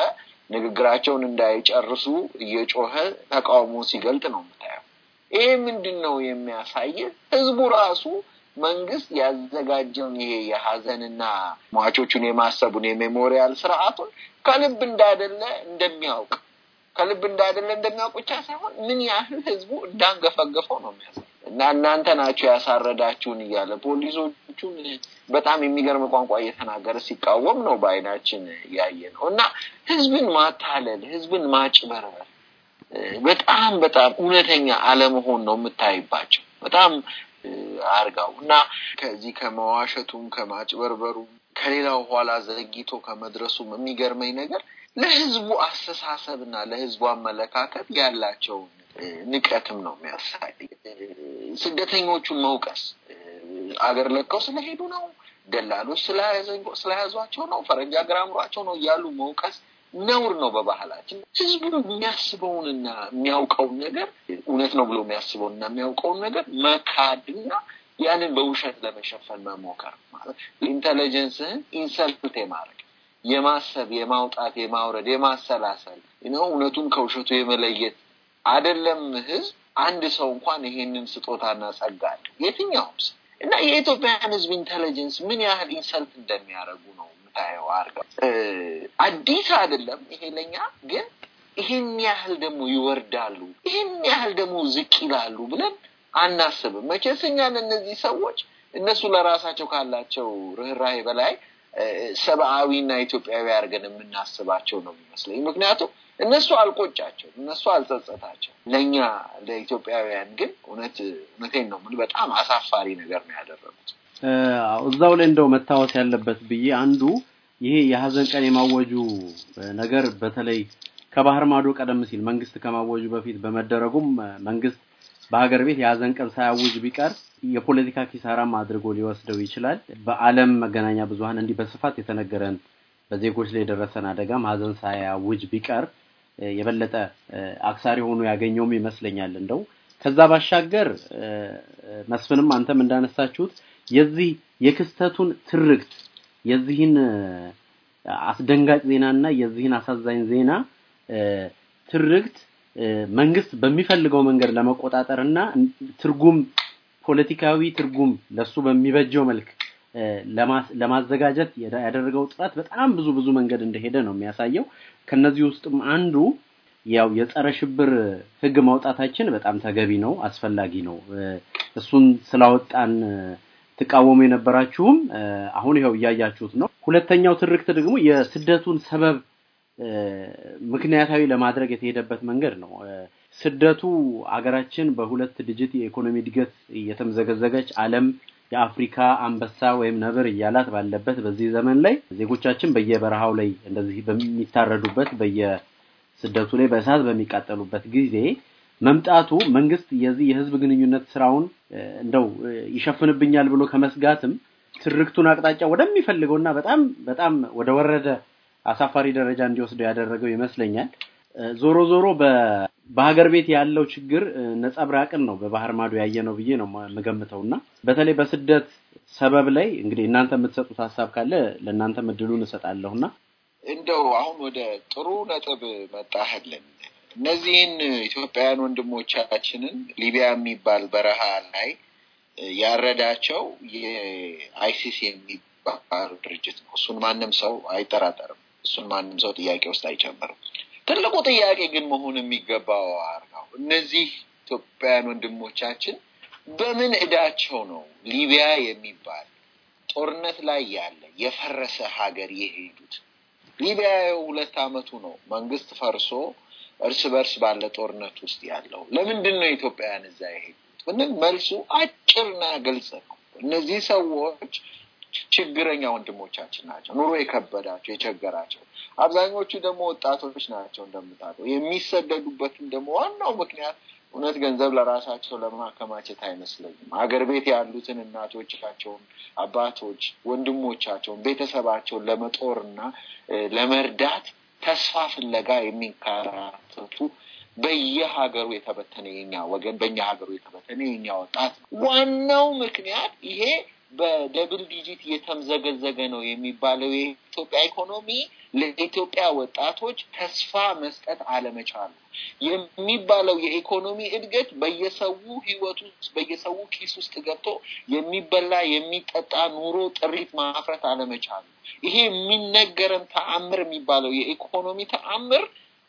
ንግግራቸውን እንዳይጨርሱ እየጮኸ ተቃውሞ ሲገልጥ ነው የምታየው። ይሄ ምንድን ነው የሚያሳይ? ህዝቡ ራሱ መንግስት ያዘጋጀውን ይሄ የሀዘንና ሟቾቹን የማሰቡን የሜሞሪያል ስርዓቱን ከልብ እንዳይደለ እንደሚያውቅ ከልብ እንዳደለ እንደሚያውቅ ብቻ ሳይሆን ምን ያህል ህዝቡ እንዳንገፈገፈው ነው የሚያሳ እና እናንተ ናቸው ያሳረዳችሁን እያለ ፖሊሶቹን በጣም የሚገርም ቋንቋ እየተናገረ ሲቃወም ነው በአይናችን ያየ ነው። እና ህዝብን ማታለል፣ ህዝብን ማጭበርበር በጣም በጣም እውነተኛ አለመሆን ነው የምታይባቸው። በጣም አርጋው እና ከዚህ ከመዋሸቱም ከማጭበርበሩም ከሌላው ኋላ ዘግይቶ ከመድረሱም የሚገርመኝ ነገር ለህዝቡ አስተሳሰብና ለህዝቡ አመለካከት ያላቸውን ንቀትም ነው የሚያሳይ። ስደተኞቹን መውቀስ አገር ለቀው ስለሄዱ ነው፣ ደላሎች ስለያዟቸው ነው፣ ፈረንጅ አገር አምሯቸው ነው እያሉ መውቀስ ነውር ነው በባህላችን። ህዝቡ የሚያስበውንና የሚያውቀውን ነገር እውነት ነው ብሎ የሚያስበውንና የሚያውቀውን ነገር መካድና ያንን በውሸት ለመሸፈን መሞከር ማለት ኢንቴሊጀንስህን ኢንሰልት የማድረግ የማሰብ፣ የማውጣት፣ የማውረድ፣ የማሰላሰል ነው እውነቱን ከውሸቱ የመለየት አይደለም። ህዝብ አንድ ሰው እንኳን ይሄንን ስጦታና ጸጋ የትኛውም ሰው እና የኢትዮጵያን ህዝብ ኢንቴሊጀንስ ምን ያህል ኢንሰልት እንደሚያደርጉ ነው የምታየው አርጋ አዲስ አይደለም ይሄ ለኛ ግን ይህን ያህል ደግሞ ይወርዳሉ፣ ይህን ያህል ደግሞ ዝቅ ይላሉ ብለን አናስብም። መቼስ እኛን እነዚህ ሰዎች እነሱ ለራሳቸው ካላቸው ርኅራሄ በላይ ሰብአዊና ኢትዮጵያዊ አድርገን የምናስባቸው ነው የሚመስለኝ። ምክንያቱም እነሱ አልቆጫቸው፣ እነሱ አልጸጸታቸው። ለእኛ ለኢትዮጵያውያን ግን እውነት እውነቴን ነው ምን በጣም አሳፋሪ ነገር ነው ያደረጉት። እዛው ላይ እንደው መታወስ ያለበት ብዬ አንዱ ይሄ የሀዘን ቀን የማወጁ ነገር በተለይ ከባህር ማዶ ቀደም ሲል መንግስት ከማወጁ በፊት በመደረጉም መንግስት በሀገር ቤት የሀዘን ቀን ሳያውጅ ቢቀር የፖለቲካ ኪሳራም አድርጎ ሊወስደው ይችላል። በዓለም መገናኛ ብዙሃን እንዲህ በስፋት የተነገረን በዜጎች ላይ የደረሰን አደጋም ሀዘን ሳያውጅ ቢቀር የበለጠ አክሳሪ ሆኖ ያገኘውም ይመስለኛል። እንደው ከዛ ባሻገር መስፍንም አንተም እንዳነሳችሁት የዚህ የክስተቱን ትርክት የዚህን አስደንጋጭ ዜናና የዚህን አሳዛኝ ዜና ትርክት መንግስት በሚፈልገው መንገድ ለመቆጣጠር እና ትርጉም ፖለቲካዊ ትርጉም ለሱ በሚበጀው መልክ ለማዘጋጀት ያደረገው ጥረት በጣም ብዙ ብዙ መንገድ እንደሄደ ነው የሚያሳየው። ከነዚህ ውስጥም አንዱ ያው የጸረ ሽብር ህግ ማውጣታችን በጣም ተገቢ ነው፣ አስፈላጊ ነው። እሱን ስላወጣን ትቃወሙ የነበራችሁም አሁን ይኸው እያያችሁት ነው። ሁለተኛው ትርክት ደግሞ የስደቱን ሰበብ ምክንያታዊ ለማድረግ የተሄደበት መንገድ ነው። ስደቱ አገራችን በሁለት ድጅት የኢኮኖሚ እድገት እየተምዘገዘገች ዓለም የአፍሪካ አንበሳ ወይም ነብር እያላት ባለበት በዚህ ዘመን ላይ ዜጎቻችን በየበረሃው ላይ እንደዚህ በሚታረዱበት በየስደቱ ላይ በእሳት በሚቃጠሉበት ጊዜ መምጣቱ መንግስት የዚህ የህዝብ ግንኙነት ስራውን እንደው ይሸፍንብኛል ብሎ ከመስጋትም ትርክቱን አቅጣጫ ወደሚፈልገውና በጣም በጣም ወደ ወረደ አሳፋሪ ደረጃ እንዲወስደው ያደረገው ይመስለኛል። ዞሮ ዞሮ በሀገር ቤት ያለው ችግር ነጸብራቅን ነው በባህር ማዶ ያየ ነው ብዬ ነው የምገምተው እና በተለይ በስደት ሰበብ ላይ እንግዲህ እናንተ የምትሰጡት ሀሳብ ካለ ለእናንተ ምድሉን እሰጣለሁ እና እንደው አሁን ወደ ጥሩ ነጥብ መጣህልን እነዚህን ኢትዮጵያውያን ወንድሞቻችንን ሊቢያ የሚባል በረሃ ላይ ያረዳቸው የአይሲስ የሚባል ድርጅት ነው። እሱን ማንም ሰው አይጠራጠርም። እሱን ማንም ሰው ጥያቄ ውስጥ አይጨምርም። ትልቁ ጥያቄ ግን መሆን የሚገባው አርጋው እነዚህ ኢትዮጵያውያን ወንድሞቻችን በምን እዳቸው ነው ሊቢያ የሚባል ጦርነት ላይ ያለ የፈረሰ ሀገር የሄዱት? ሊቢያ ሁለት ዓመቱ ነው መንግስት ፈርሶ እርስ በርስ ባለ ጦርነት ውስጥ ያለው ለምንድን ነው ኢትዮጵያውያን እዛ የሄዱት ብንል መልሱ አጭርና ግልጽ ነው። እነዚህ ሰዎች ችግረኛ ወንድሞቻችን ናቸው። ኑሮ የከበዳቸው የቸገራቸው፣ አብዛኞቹ ደግሞ ወጣቶች ናቸው። እንደምታውቀው የሚሰደዱበትን ደግሞ ዋናው ምክንያት እውነት ገንዘብ ለራሳቸው ለማከማቸት አይመስለኝም። አገር ቤት ያሉትን እናቶቻቸውን፣ አባቶች፣ ወንድሞቻቸውን፣ ቤተሰባቸውን ለመጦርና ለመርዳት ተስፋ ፍለጋ የሚንከራተቱ በየሀገሩ የተበተነ የኛ ወገን በኛ ሀገሩ የተበተነ የኛ ወጣት ዋናው ምክንያት ይሄ በደብል ዲጂት እየተምዘገዘገ ነው የሚባለው የኢትዮጵያ ኢኮኖሚ ለኢትዮጵያ ወጣቶች ተስፋ መስጠት አለመቻሉ የሚባለው የኢኮኖሚ እድገት በየሰው ህይወት ውስጥ በየሰው ኪስ ውስጥ ገብቶ የሚበላ የሚጠጣ ኑሮ ጥሪት ማፍረት አለመቻሉ ይሄ የሚነገረን ተአምር የሚባለው የኢኮኖሚ ተአምር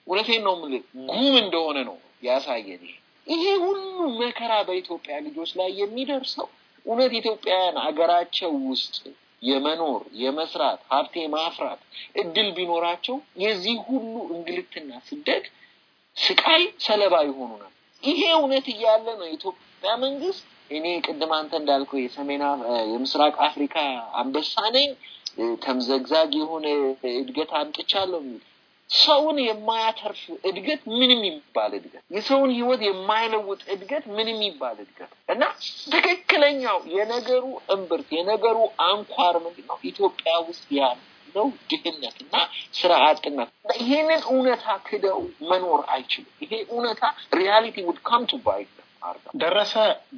እውነቴን ነው ምል ጉም እንደሆነ ነው ያሳየን። ይሄ ሁሉ መከራ በኢትዮጵያ ልጆች ላይ የሚደርሰው እውነት ኢትዮጵያውያን አገራቸው ውስጥ የመኖር የመስራት ሀብቴ ማፍራት እድል ቢኖራቸው የዚህ ሁሉ እንግልትና ስደት ስቃይ ሰለባ ይሆኑናል። ይሄ እውነት እያለ ነው የኢትዮጵያ መንግስት እኔ ቅድም አንተ እንዳልከው የሰሜን የምስራቅ አፍሪካ አንበሳ ነኝ ተምዘግዛግ የሆነ እድገት አምጥቻለሁ የሚል ሰውን የማያተርፍ እድገት ምንም ይባል እድገት፣ የሰውን ህይወት የማይለውጥ እድገት ምንም ይባል እድገት እና ትክክለኛው የነገሩ እምብርት የነገሩ አንኳር ምንድን ነው? ኢትዮጵያ ውስጥ ያለው ድህነት እና ስራ አጥነት። ይህንን እውነታ ክደው መኖር አይችሉም። ይሄ እውነታ ሪያሊቲ ውድ ካም ቱ ባይ ደረሰ።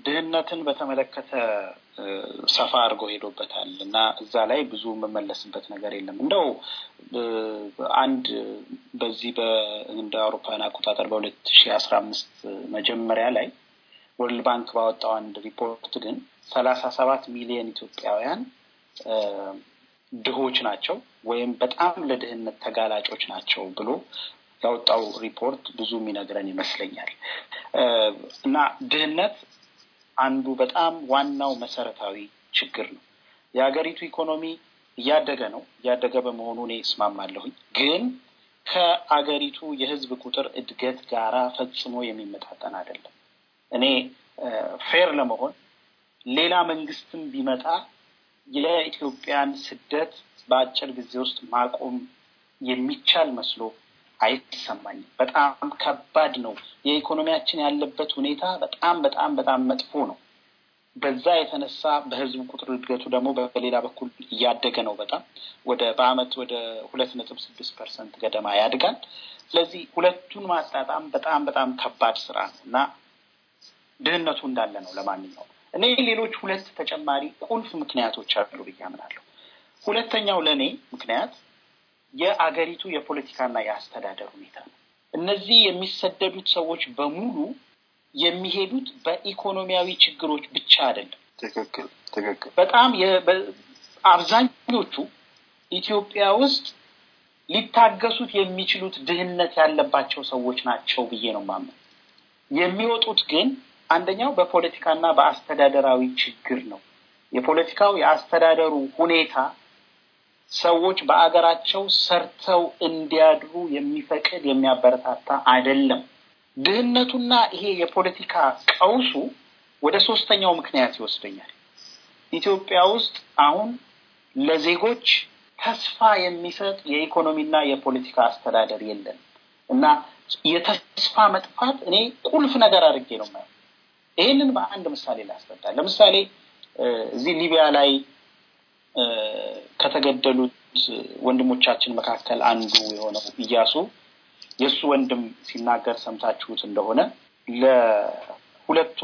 ድህነትን በተመለከተ ሰፋ አድርጎ ሄዶበታል እና እዛ ላይ ብዙ የምመለስበት ነገር የለም። እንደው አንድ በዚህ እንደ አውሮፓውያን አቆጣጠር በሁለት ሺ አስራ አምስት መጀመሪያ ላይ ወርልድ ባንክ ባወጣው አንድ ሪፖርት ግን ሰላሳ ሰባት ሚሊዮን ኢትዮጵያውያን ድሆች ናቸው ወይም በጣም ለድህነት ተጋላጮች ናቸው ብሎ ያወጣው ሪፖርት ብዙ የሚነግረን ይመስለኛል እና ድህነት አንዱ በጣም ዋናው መሰረታዊ ችግር ነው። የሀገሪቱ ኢኮኖሚ እያደገ ነው። እያደገ በመሆኑ እኔ እስማማለሁኝ። ግን ከአገሪቱ የህዝብ ቁጥር እድገት ጋራ ፈጽሞ የሚመጣጠን አይደለም። እኔ ፌር ለመሆን ሌላ መንግስትም ቢመጣ የኢትዮጵያን ስደት በአጭር ጊዜ ውስጥ ማቆም የሚቻል መስሎ አይሰማኝም። በጣም ከባድ ነው። የኢኮኖሚያችን ያለበት ሁኔታ በጣም በጣም በጣም መጥፎ ነው። በዛ የተነሳ በህዝብ ቁጥር እድገቱ ደግሞ በሌላ በኩል እያደገ ነው። በጣም ወደ በአመት ወደ ሁለት ነጥብ ስድስት ፐርሰንት ገደማ ያድጋል። ስለዚህ ሁለቱን ማጣጣም በጣም በጣም ከባድ ስራ ነው እና ድህነቱ እንዳለ ነው። ለማንኛውም እኔ ሌሎች ሁለት ተጨማሪ ቁልፍ ምክንያቶች አሉ ብዬ አምናለሁ። ሁለተኛው ለእኔ ምክንያት የአገሪቱ የፖለቲካና የአስተዳደር ሁኔታ ነው። እነዚህ የሚሰደዱት ሰዎች በሙሉ የሚሄዱት በኢኮኖሚያዊ ችግሮች ብቻ አይደለም። ትክክል ትክክል። በጣም አብዛኞቹ ኢትዮጵያ ውስጥ ሊታገሱት የሚችሉት ድህነት ያለባቸው ሰዎች ናቸው ብዬ ነው ማመን። የሚወጡት ግን አንደኛው በፖለቲካና በአስተዳደራዊ ችግር ነው። የፖለቲካው የአስተዳደሩ ሁኔታ ሰዎች በአገራቸው ሰርተው እንዲያድሩ የሚፈቅድ የሚያበረታታ አይደለም። ድህነቱና ይሄ የፖለቲካ ቀውሱ ወደ ሶስተኛው ምክንያት ይወስደኛል። ኢትዮጵያ ውስጥ አሁን ለዜጎች ተስፋ የሚሰጥ የኢኮኖሚና የፖለቲካ አስተዳደር የለም እና የተስፋ መጥፋት እኔ ቁልፍ ነገር አድርጌ ነው የማየው። ይህንን በአንድ ምሳሌ ላስረዳ። ለምሳሌ እዚህ ሊቢያ ላይ ከተገደሉት ወንድሞቻችን መካከል አንዱ የሆነው እያሱ የእሱ ወንድም ሲናገር ሰምታችሁት እንደሆነ ለሁለቱ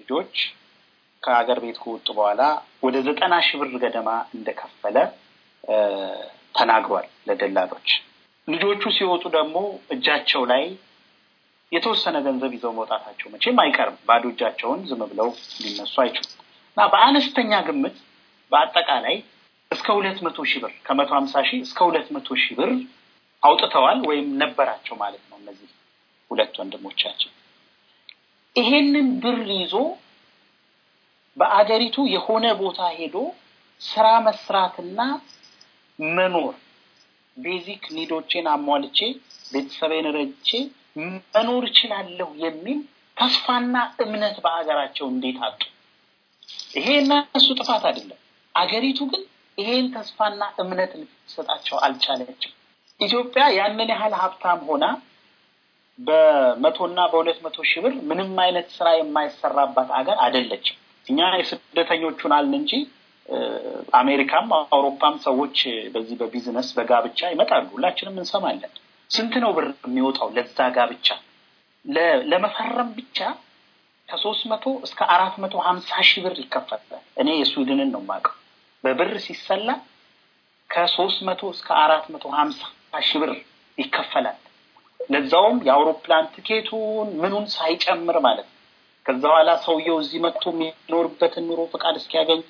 ልጆች ከሀገር ቤት ከወጡ በኋላ ወደ ዘጠና ሺህ ብር ገደማ እንደከፈለ ተናግሯል ለደላሎች። ልጆቹ ሲወጡ ደግሞ እጃቸው ላይ የተወሰነ ገንዘብ ይዘው መውጣታቸው መቼም አይቀርም። ባዶ እጃቸውን ዝም ብለው ሊነሱ አይችሉም እና በአነስተኛ ግምት በአጠቃላይ እስከ ሁለት መቶ ሺህ ብር ከመቶ ሀምሳ ሺህ እስከ ሁለት መቶ ሺህ ብር አውጥተዋል ወይም ነበራቸው ማለት ነው። እነዚህ ሁለት ወንድሞቻችን ይሄንን ብር ይዞ በአገሪቱ የሆነ ቦታ ሄዶ ስራ መስራትና መኖር ቤዚክ ኒዶቼን አሟልቼ ቤተሰቤን ረጅቼ መኖር እችላለሁ የሚል ተስፋና እምነት በአገራቸው እንዴት አጡ? ይሄ እና እሱ ጥፋት አይደለም። አገሪቱ ግን ይሄን ተስፋና እምነት ልትሰጣቸው አልቻለችም። ኢትዮጵያ ያንን ያህል ሀብታም ሆና በመቶና በሁለት መቶ ሺህ ብር ምንም አይነት ስራ የማይሰራባት አገር አይደለችም። እኛ የስደተኞቹን አልን እንጂ አሜሪካም አውሮፓም ሰዎች በዚህ በቢዝነስ በጋብቻ ይመጣሉ። ሁላችንም እንሰማለን። ስንት ነው ብር የሚወጣው ለዛ ጋብቻ ለመፈረም ብቻ ከሶስት መቶ እስከ አራት መቶ ሀምሳ ሺህ ብር ይከፈላል። እኔ የስዊድንን ነው የማውቀው። በብር ሲሰላ ከሶስት መቶ እስከ አራት መቶ ሀምሳ ሺህ ብር ይከፈላል። ለዛውም የአውሮፕላን ትኬቱን ምኑን ሳይጨምር ማለት ነው። ከዛ በኋላ ሰውየው እዚህ መጥቶ የሚኖርበትን ኑሮ ፈቃድ እስኪያገኝ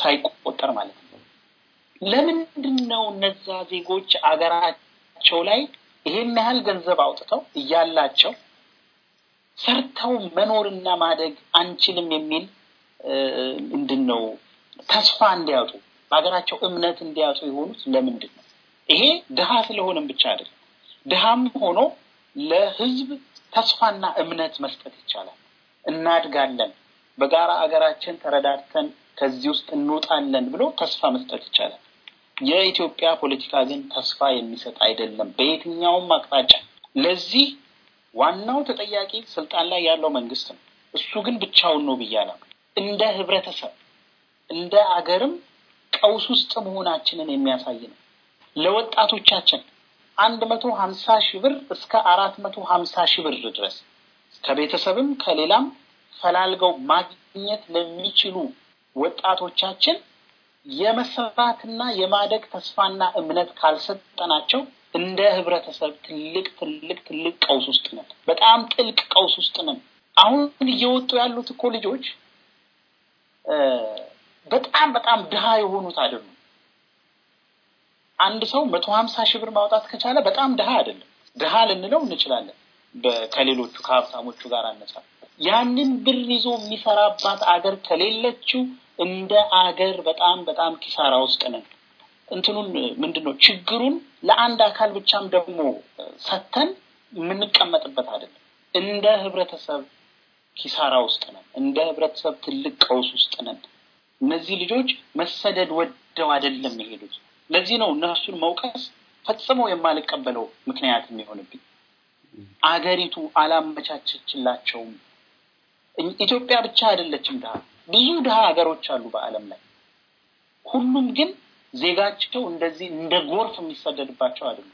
ሳይቆጠር ማለት ነው። ለምንድን ነው እነዛ ዜጎች አገራቸው ላይ ይሄን ያህል ገንዘብ አውጥተው እያላቸው ሰርተው መኖርና ማደግ አንችልም የሚል ምንድን ነው ተስፋ እንዲያጡ በሀገራቸው እምነት እንዲያጡ የሆኑት ለምንድን ነው? ይሄ ድሃ ስለሆነም ብቻ አይደለም። ድሃም ሆኖ ለህዝብ ተስፋና እምነት መስጠት ይቻላል። እናድጋለን፣ በጋራ አገራችን ተረዳድተን ከዚህ ውስጥ እንወጣለን ብሎ ተስፋ መስጠት ይቻላል። የኢትዮጵያ ፖለቲካ ግን ተስፋ የሚሰጥ አይደለም በየትኛውም አቅጣጫ ለዚህ ዋናው ተጠያቂ ስልጣን ላይ ያለው መንግስት ነው። እሱ ግን ብቻውን ነው ብያለ እንደ ህብረተሰብ እንደ አገርም ቀውስ ውስጥ መሆናችንን የሚያሳይ ነው። ለወጣቶቻችን አንድ መቶ ሀምሳ ሺህ ብር እስከ አራት መቶ ሀምሳ ሺህ ብር ድረስ ከቤተሰብም ከሌላም ፈላልገው ማግኘት ለሚችሉ ወጣቶቻችን የመስራትና የማደግ ተስፋና እምነት ካልሰጠናቸው እንደ ህብረተሰብ ትልቅ ትልቅ ትልቅ ቀውስ ውስጥ ነን። በጣም ጥልቅ ቀውስ ውስጥ ነን። አሁን እየወጡ ያሉት እኮ ልጆች በጣም በጣም ድሃ የሆኑት አይደሉም። አንድ ሰው መቶ ሀምሳ ሺህ ብር ማውጣት ከቻለ በጣም ድሃ አይደለም። ድሃ ልንለው እንችላለን ከሌሎቹ ከሀብታሞቹ ጋር አነሳ። ያንን ብር ይዞ የሚሰራባት አገር ከሌለችው እንደ አገር በጣም በጣም ኪሳራ ውስጥ ነን። እንትኑን ምንድን ነው ችግሩን ለአንድ አካል ብቻም ደግሞ ሰተን የምንቀመጥበት አይደለም። እንደ ህብረተሰብ ኪሳራ ውስጥ ነን። እንደ ህብረተሰብ ትልቅ ቀውስ ውስጥ ነን። እነዚህ ልጆች መሰደድ ወደው አይደለም የሄዱት። ለዚህ ነው እነሱን መውቀስ ፈጽሞ የማልቀበለው ምክንያት የሚሆንብኝ። አገሪቱ አላመቻቸችላቸውም። ኢትዮጵያ ብቻ አይደለችም ድሃ፣ ብዙ ድሃ ሀገሮች አሉ በአለም ላይ። ሁሉም ግን ዜጋቸው እንደዚህ እንደ ጎርፍ የሚሰደድባቸው አይደሉም።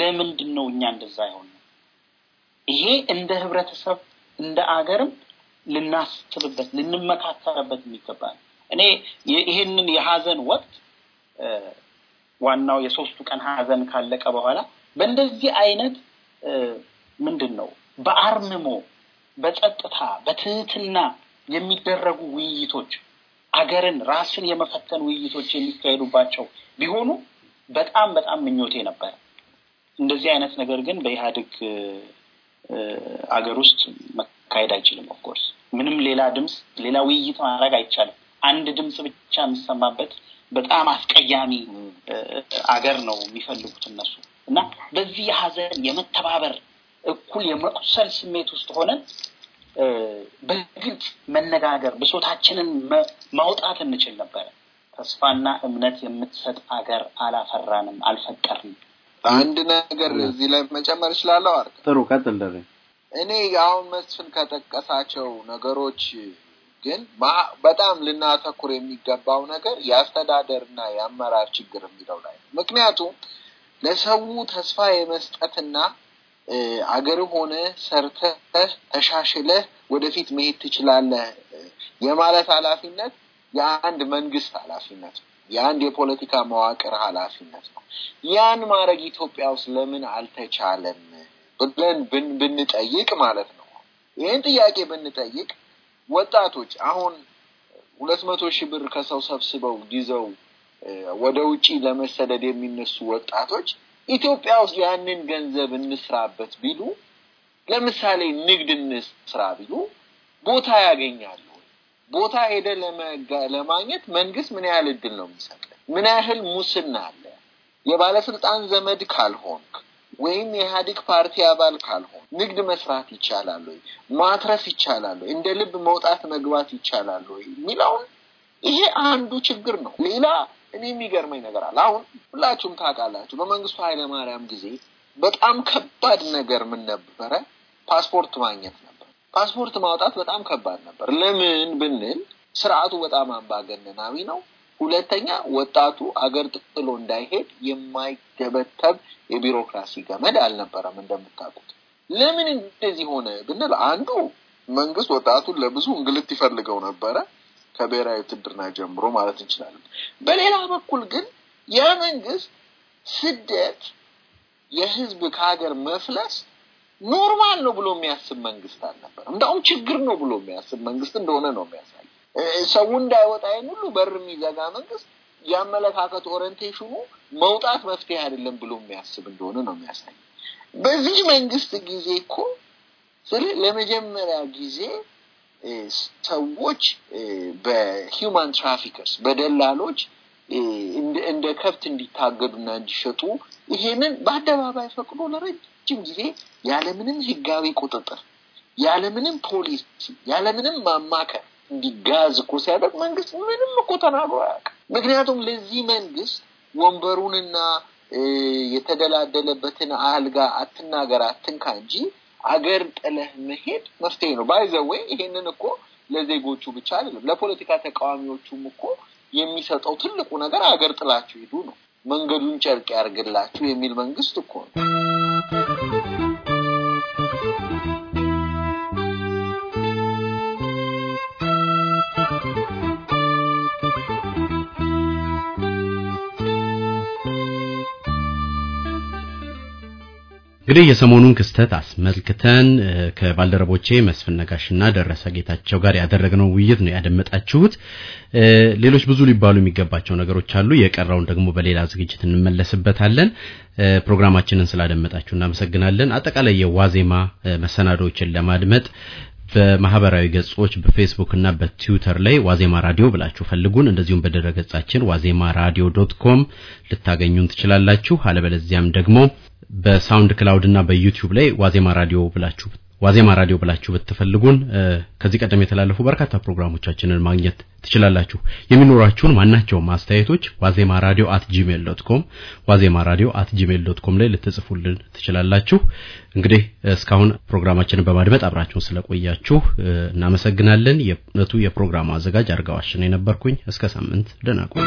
ለምንድን ነው እኛ እንደዛ አይሆን ይሄ እንደ ህብረተሰብ እንደ አገርም ልናስብበት ልንመካከረበት የሚገባ ነው። እኔ ይህንን የሀዘን ወቅት ዋናው የሶስቱ ቀን ሀዘን ካለቀ በኋላ በእንደዚህ አይነት ምንድን ነው በአርምሞ በጸጥታ በትህትና የሚደረጉ ውይይቶች አገርን ራስን የመፈተን ውይይቶች የሚካሄዱባቸው ቢሆኑ በጣም በጣም ምኞቴ ነበር። እንደዚህ አይነት ነገር ግን በኢህአዴግ አገር ውስጥ መካሄድ አይችልም። ኦፍኮርስ ምንም ሌላ ድምፅ ሌላ ውይይት ማድረግ አይቻልም። አንድ ድምፅ ብቻ የሚሰማበት በጣም አስቀያሚ አገር ነው የሚፈልጉት እነሱ እና በዚህ የሀዘን የመተባበር እኩል የመቁሰል ስሜት ውስጥ ሆነን በግልጽ መነጋገር ብሶታችንን ማውጣት እንችል ነበረ። ተስፋና እምነት የምትሰጥ አገር አላፈራንም፣ አልፈቀርንም። አንድ ነገር እዚህ ላይ መጨመር ይችላለሁ አር ጥሩ ቀጥል። እኔ አሁን መስፍን ከጠቀሳቸው ነገሮች ግን በጣም ልናተኩር የሚገባው ነገር የአስተዳደርና የአመራር ችግር የሚለው ላይ ምክንያቱም ለሰው ተስፋ የመስጠትና አገር ሆነ ሰርተህ ተሻሽለህ ወደፊት መሄድ ትችላለህ የማለት ኃላፊነት የአንድ መንግስት ኃላፊነት ነው። የአንድ የፖለቲካ መዋቅር ኃላፊነት ነው። ያን ማድረግ ኢትዮጵያ ውስጥ ለምን አልተቻለም ብለን ብንጠይቅ ማለት ነው። ይህን ጥያቄ ብንጠይቅ ወጣቶች አሁን ሁለት መቶ ሺህ ብር ከሰው ሰብስበው ይዘው ወደ ውጪ ለመሰደድ የሚነሱ ወጣቶች ኢትዮጵያ ውስጥ ያንን ገንዘብ እንስራበት ቢሉ ለምሳሌ ንግድ እንስራ ቢሉ ቦታ ያገኛሉ። ቦታ ሄደ ለማግኘት መንግስት ምን ያህል እድል ነው የሚሰጠው? ምን ያህል ሙስና አለ? የባለስልጣን ዘመድ ካልሆንክ ወይም የኢህአዴግ ፓርቲ አባል ካልሆን ንግድ መስራት ይቻላል ወይ? ማትረፍ ይቻላል ወይ? እንደ ልብ መውጣት መግባት ይቻላል ወይ? የሚለውን ይሄ አንዱ ችግር ነው። ሌላ እኔ የሚገርመኝ ነገር አለ። አሁን ሁላችሁም ታውቃላችሁ፣ በመንግስቱ ኃይለማርያም ጊዜ በጣም ከባድ ነገር ምን ነበረ? ፓስፖርት ማግኘት ነበር። ፓስፖርት ማውጣት በጣም ከባድ ነበር። ለምን ብንል ስርዓቱ በጣም አምባገነናዊ ነው። ሁለተኛ ወጣቱ አገር ጥሎ እንዳይሄድ የማይገበተብ የቢሮክራሲ ገመድ አልነበረም እንደምታውቁት። ለምን እንደዚህ ሆነ ብንል አንዱ መንግስት ወጣቱን ለብዙ እንግልት ይፈልገው ነበረ። ከብሔራዊ ውትድርና ጀምሮ ማለት እንችላለን። በሌላ በኩል ግን የመንግስት ስደት የህዝብ ከሀገር መፍለስ ኖርማል ነው ብሎ የሚያስብ መንግስት አልነበር እንዳውም ችግር ነው ብሎ የሚያስብ መንግስት እንደሆነ ነው የሚያሳይ። ሰው እንዳይወጣ ይሄን ሁሉ በር የሚዘጋ መንግስት የአመለካከት ኦሪንቴሽኑ መውጣት መፍትሄ አይደለም ብሎ የሚያስብ እንደሆነ ነው የሚያሳይ። በዚህ መንግስት ጊዜ እኮ ስለ ለመጀመሪያ ጊዜ ሰዎች በሂውማን ትራፊከርስ በደላሎች እንደ ከብት እንዲታገዱና እንዲሸጡ ይሄንን በአደባባይ ፈቅዶ ለረጅም ጊዜ ያለምንም ህጋዊ ቁጥጥር ያለምንም ፖሊሲ ያለምንም ማማከር እንዲጋዝ እኮ ሲያደርግ መንግስት ምንም እኮ ተናግሮ አያውቅም። ምክንያቱም ለዚህ መንግስት ወንበሩንና የተደላደለበትን አልጋ አትናገር አትንካ እንጂ አገር ጥለህ መሄድ መፍትሄ ነው ባይዘወይ ይሄንን እኮ ለዜጎቹ ብቻ አይደለም ለፖለቲካ ተቃዋሚዎቹም እኮ የሚሰጠው ትልቁ ነገር አገር ጥላችሁ ሂዱ ነው። መንገዱን ጨርቅ ያርግላችሁ የሚል መንግስት እኮ ነው። እንግዲህ የሰሞኑን ክስተት አስመልክተን ከባልደረቦቼ መስፍን ነጋሽና ደረሰ ጌታቸው ጋር ያደረግነው ውይይት ነው ያደመጣችሁት። ሌሎች ብዙ ሊባሉ የሚገባቸው ነገሮች አሉ። የቀረውን ደግሞ በሌላ ዝግጅት እንመለስበታለን። ፕሮግራማችንን ስላደመጣችሁ እናመሰግናለን። አጠቃላይ የዋዜማ መሰናዶዎችን ለማድመጥ በማህበራዊ ገጾች በፌስቡክ እና በትዊተር ላይ ዋዜማ ራዲዮ ብላችሁ ፈልጉን። እንደዚሁም በድረ ዋዜማ ራዲዮ ዶት ኮም ልታገኙን ትችላላችሁ። አለበለዚያም ደግሞ በሳውንድ ክላውድ እና በዩቲዩብ ላይ ዋዜማ ራዲዮ ብላችሁ ዋዜማ ራዲዮ ብላችሁ ብትፈልጉን ከዚህ ቀደም የተላለፉ በርካታ ፕሮግራሞቻችንን ማግኘት ትችላላችሁ። የሚኖራችሁን ማናቸውም አስተያየቶች ዋዜማ ራዲዮ አት ጂሜል ዶት ኮም ዋዜማ ራዲዮ አት ጂሜል ዶት ኮም ላይ ልትጽፉልን ትችላላችሁ። እንግዲህ እስካሁን ፕሮግራማችንን በማድመጥ አብራችሁን ስለቆያችሁ እናመሰግናለን። የእለቱ የፕሮግራሙ አዘጋጅ ነው የነበርኩኝ። እስከ ሳምንት ደህና ቆዩ።